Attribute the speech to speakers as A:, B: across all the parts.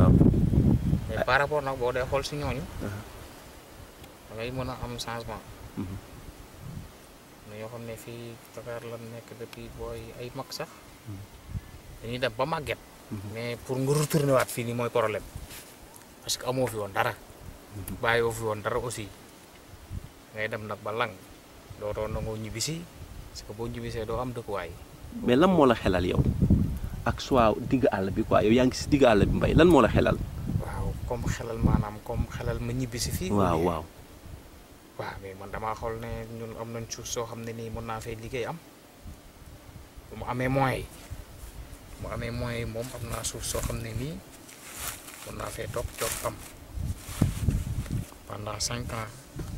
A: waaw mais par rapport nag boo dee xool si ñooñu da ngay mën a am changement na ñoo xam ne fii Dakar la nekk depuis booy ay mag sax dañuy dem ba màgget mais pour nga retourner waat fii nii mooy problème parce que amoo fi woon dara bàyyoo fi woon dara aussi ngay dem nag ba lang dootoo nangoo ñibbisi parce que boo ñibbisee doo am dëkkuwaay
B: mais lan moo la xelal yow ak soit diga all bi quoi yow yang ci diga all bi mbay lan mo la xelal.
A: waaw comme xelal manam comme xelal ma ñibi ci fi waaw waaw. waaw mais man dama xol ne ñun am nañ ci so xamne ni nii mën naa fay liggey am bu mu amé moy yi mu amee moyens yi am na suuf so xamne ni nii mën naa fay top top am pendant 5 ans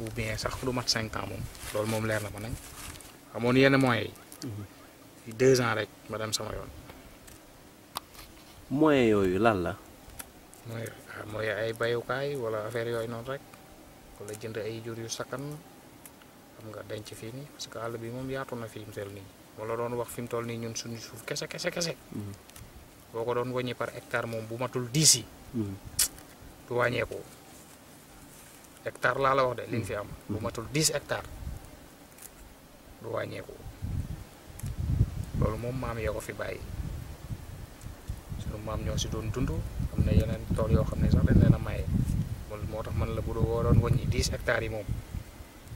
A: ou bien sax lu mat 5 ans mom lool mom leer na ma nañ amone yene moy 2 ans rek ma dem sama yone
B: moyen yooyu lan la.
A: mooy ah, mooy ay bayukaay wala affaire yooyu noonu rek wala jënd ay jur yu sakkan xam nga denc e fii nii parce que àll bi moom yaatu na fi mu toll nii wala doon wax fi mu toll ñun suñu suuf kese kese kese. Mm-hmm. boo ko doon wàññi par hectare mom bu matul diis yi. Mm-hmm. du ko hectare laa la wax de li fi am. Mm-hmm. bu matul dis hectare du wàññeeku loolu moom maam yaa ko fi bàyyi. maam ñoo si doon dund am na yeneen tool yoo xam ne sax dañ leen a maye loolu moo tax man la bu doo doon wàññi dix hectares yi moom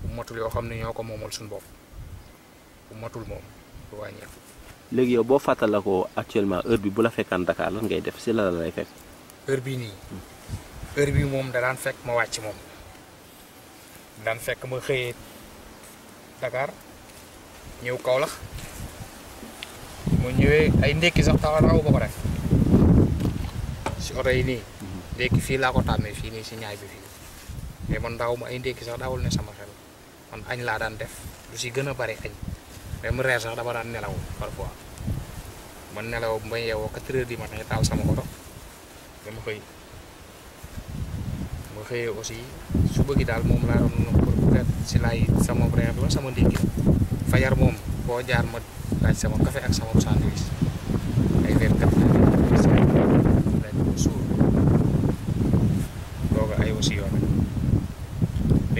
A: bu matul yoo xam ne ñoo ko moomal suñu bopp bu matul moom du
B: léegi yow boo fàttalikoo actuellement heure bi bu la fekkaan Dakar lan ngay def si la la lay fekk.
A: heure bii nii heure bii moom da daan fekk ma wàcc moom daan fekk ma xëyee Dakar ñëw kaw Kaolack moo ñëwee ay ndékki sax taxaw raw ba ko def. si oto yi nii ndékki fii laa ko tàmmee fii e si ñaay bi ma indi ndékki sax ne sama xel man añ la dan def lu gana gën a bari añ même reer sax dama daan nelaw parfois man nelaw ba yeewoo quatre heures du matin taal sama oto dama xëy ma xëyee aussi su bëggi daal moom laa doon na pour peut-être si laay sama reer la sama ndékki fayar mom boo jaar ma laaj sama café ak sama sandwich ay vers quatre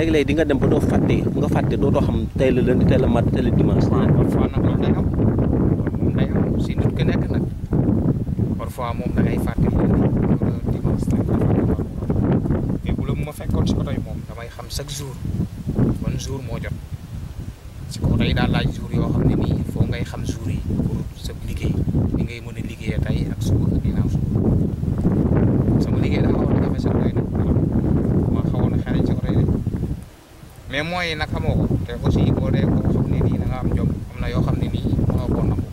B: léegi-léegi di nga dem ba doo fàtte nga fàtte dootoo xam tey la lundi tey la mardi tey la dimanche. waaw parfois nag loolu day am loolu moom day am si nit ki nekk nag parfois moom da ngay fàtte dimanche tey
A: mais bu la ma fekkoon si oto yi moom damay xam chaque jour ban jour moo jot si oto yi daal laaj jour yoo xam ne nii il faut ngay xam jour yi pour sa liggéey ni ngay mën a liggéeyal. mais moyens yi nag xamoo ko te aussi boo dee ko suuf nit yi da am jom am na yoo xam ne nii mënoo koo nangu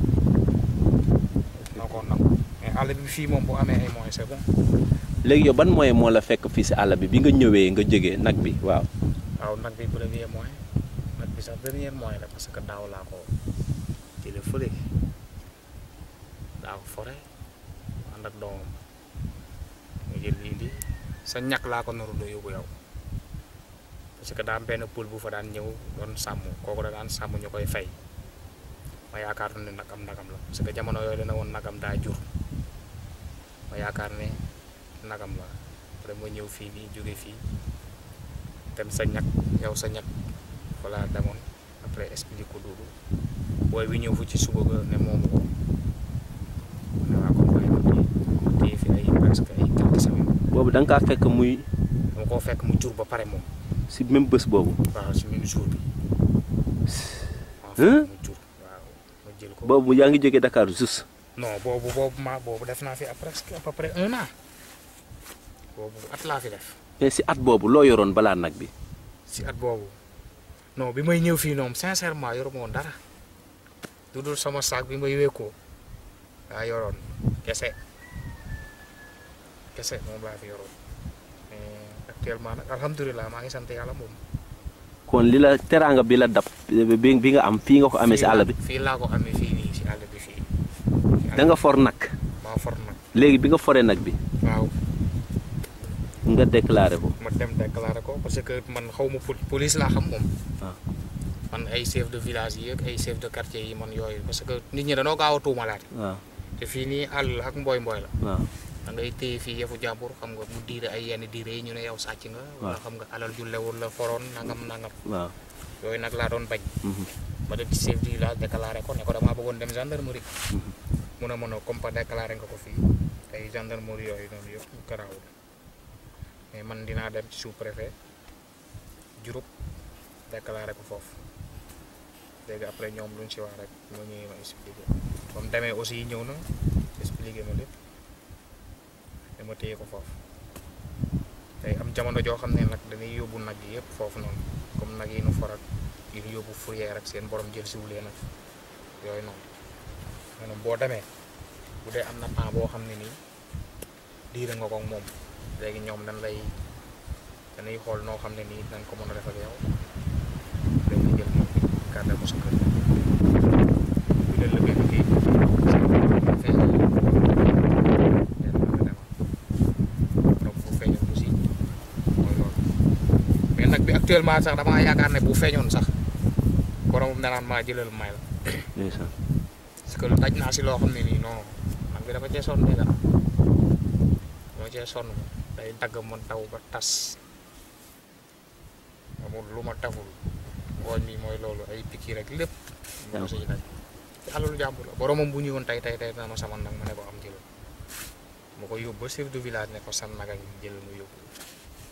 A: mënoo koo nangu mais àll bi fii moom bu amee ay moyens c'est
B: léegi yow ban moyen moo la fekk fii si àll bi bi nga ñëwee nga jógee nag bi waaw.
A: waaw nag bi premier moyen nag bi sax dernier moyen la parce que daaw laa ko jëlee fële daaw fore ànd ak doomam sa ñàkk laa ko naru doo yóbbu yow. parce que daa am poul bu fa daan ñew don samu kooku da daan samu ñukoy fay ma yaakar ne nak am nagam la parce que jamono yoy dina won nagam da jur ma yaakar ne nagam la après mo ñew fi ni joge fi dem sa ñak yow sa ñag voilà demoon après expliquer ko dudu boy wi ñew fu ci suba ga ne mom ko ne waa ko fekk
B: muy dang ko fekk mu jur ba pare mom si même bus bobu waaw ah, si même jour bi. boobu yaa ngi jógee Dakar sus
A: non bobu bobu ma bobu def na fi presque à peu près un an bobu at la fi def.
B: mais si at bobu lo yoron bala nak bi.
A: si at bobu non bi may ñew fi non sincèrement yoro mo dara dudul sama sac bi may wéekoo ay ah, yoron kessé kessé mo ba fi yoroon. Eh, actuellement nag alhamdulilah maa ngi sant yàlla moom.
B: kon li la teraanga bi la dab bi bi nga am fii nga ko amee si àll bi.
A: fii laa ko amee fii nii si àll bi fii. da nga for nag. maa nag.
B: léegi bi nga foree nag bi. waaw. nga déclaré ko. ma
A: dem déclaré ko parce que man xaw ma police laa xam moom. Ah. man ay chef de village yi ak ay chef de quartier yi man yooyu parce que nit ñi danoo gaaw a tuumalaate. waaw ah. te fii nii àll ak mbooy mbooy la. Ah. da ngay téye fii yëfu jàmbur xam nga mu diire ay yenn diire yi ñu ne yow sàcc nga. wala xam nga alal ju lewul la foroon nangam nangam. waaw yooyu nag laa doon bañ. Mhm. ma def ci chef du ko ne ko damaa bëggoon dem gendarmerie. Mhm. mun a mën a comme déclaré nga ko fii tey gendarmerie yooyu noonu yëpp garaawul mais man dinaa dem ci sous préfet Diouroup déclaré ko foofu léegi après ñoom luñ ci wax rek ñoo ñëwee ma expliqué. comme demee aussi ñëw na expliqué ma lépp. dama téye ko foofu am jamono joo xam ne nag dañuy yóbbu nag yi yëpp foofu noonu comme nag yi nu for ak yi nu yóbbu fourrière rek seen borom jël si wu leen ak yooyu noonu maanaam boo demee bu dee am na temps boo xam ne nii diire nga ko moom léegi ñoom dañ lay dañuy xool noo xam ne nii dañ ko mën a def yow jël moom gardé ko sa bi actuellement sax dama yaakar ne bu feñon sax borom danaan ma jëlal may la. ndeysan parce que lu daj naa si loo xam non man bi dama cee sonn la mo cee sonn day tag mo taw ba tas amul lu ma taful woon ni moy lolu ay piki rek lépp. waaw mu ngi alalu jàmbur la boromam bu ñëwoon tay tay tay dana sama nag ma ne ko am jëlal ma ko yóbbu ba chef de village ne ko san naga jëlal mu yóbbu.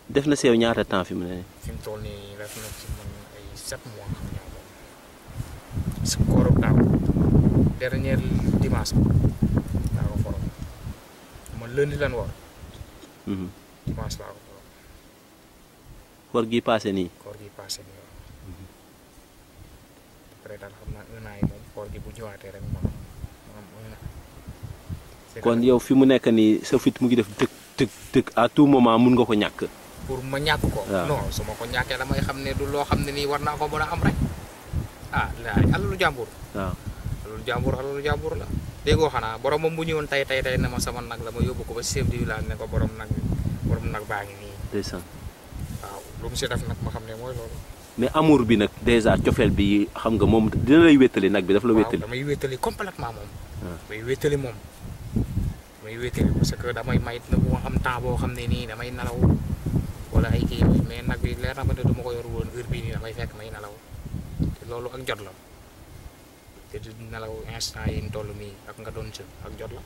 B: def na seew ñaata temps fi mu ne nii.
A: fi mu toll nii def na ci man ay sept mois xam naa moom ko forom lan war. forom.
B: koor gi paase nii. Mhm.
A: xam naa un kon yow
B: fi mu nekk nii sa fit mu ngi def tëg tëg tëg à tout moment mun nga ko ñàkk. pour ma ñàkk ko. Ah. non
A: su ma ko ñàkkee damay xam ne du loo xam ne nii war naa ko mën a am rek ah laaj alalu jàmbur. waaw ah. alalu jàmbur alalu jàmbur la. déggoo xanaa boromam bu ñëwoon tey tey tey na ma sama nag la ma yóbbu ko ba chef du village ko borom nag borom nag baa ngi nii. ndeysaan waaw lu mu si xam ne mooy
B: mais amour bi nag dèjà cofeel bi xam nga moom dina lay nag bi daf la wétali. waaw
A: damay wétali complètement moom. Ah. damay wétali moom. damay wétali parce que damay may na bu ma am temps boo xam wala ay kii yooyu mais nag bi leer na ma ne dama ko yor won heure bi ni may fekk may nalaw te lolu ak jot la te di nalaw instant yi tollu mi ak nga don ci ak jot la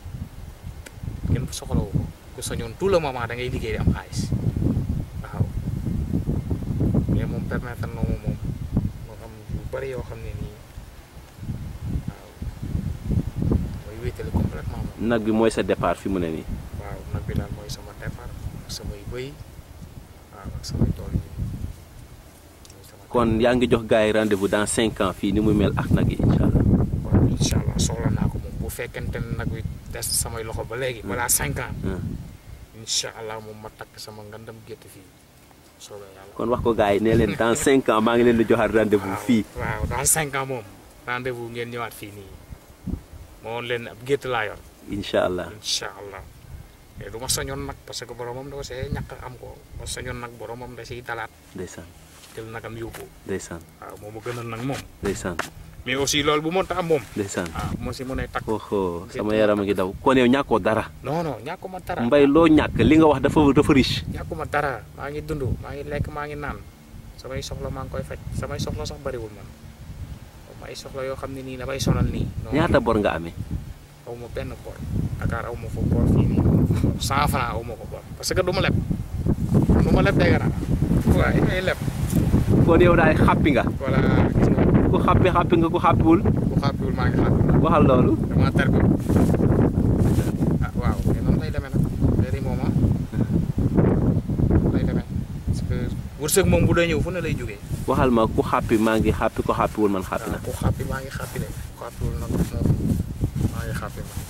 A: ken kenn soxlo ko ku sañoon tout le moment da ngay liggéey di am xaliss waaw mais mom permettre na mom mom mo xam bu bari yo xamni ni waaw waaw mooy le complètement
B: nak bi moy sa départ fi mu ne ni
A: waaw nak bi dal moy sama départ samay bëy
B: kon yaa ngi jox gars yi rendez-vous dans cinq ans fii ni mu mel ak nag yi incha allah.
A: waaw soxla naa ko moom bu fekkente ne nag wi des samay loxo ba léegi. Hmm. balaa cinq ans. Hmm. incha moom ma takk sama ngandam gétt fii. kon wax ko gars yi nee leen dans cinq
B: ans maa ngi leen di joxaat rendez fii.
A: waaw dans cinq ans moom. rendez ngeen ñëwaat fii nii. moo leen ab gétt laa yor. incha allah incha allah. du ya, ma soñoon nag pas aku boromam da ko see ñàkk am ko ma soñoon nag boromam da siy talaat. ndeysaan jël nagam yóbbu. ndeysaan waaw ah, mau a gënal nag moom.
B: ndeysaan mais aussi loolu bu mënta am moom. si mën a takk. sama yaram a kita, kau kon yow ñàkkoo no,
A: non non ñàkkuma dara. mbay
B: loo ñàkk li nga wax dafa dafa riche.
A: ñàkkuma dara maa ngi dund maa ngi lekk maa ngi naan samay soxla maa ngi koy faj samay soxla sax bariwul man ay soxla yoo xam sonal nii. ñaata bor nga amee. xaw ma benn Dakar aw ma fa bor fii nii cent franc aw ma ko bor parce
B: que du ma leb du ma leb dégg naa waaw il may leb happy yow daal xàppi magi? voilà gis nga ku xàppi xàppi nga ku xàppiwul ku xàppiwul maa ngi xàppi waxal loolu dama tarbi ah waaw mais noonu lay demee nag
A: léegi moom ah. lay demee
B: parce que wërsëg moom bu dee ñëw fu ne lay jógee waxal ma ku xàppi maa ngi xàppi ku xàppiwul man xàppi ah, na ku xàppi
A: maa ngi xàppi de ku xàppiwul nag moom maa ngi xàppi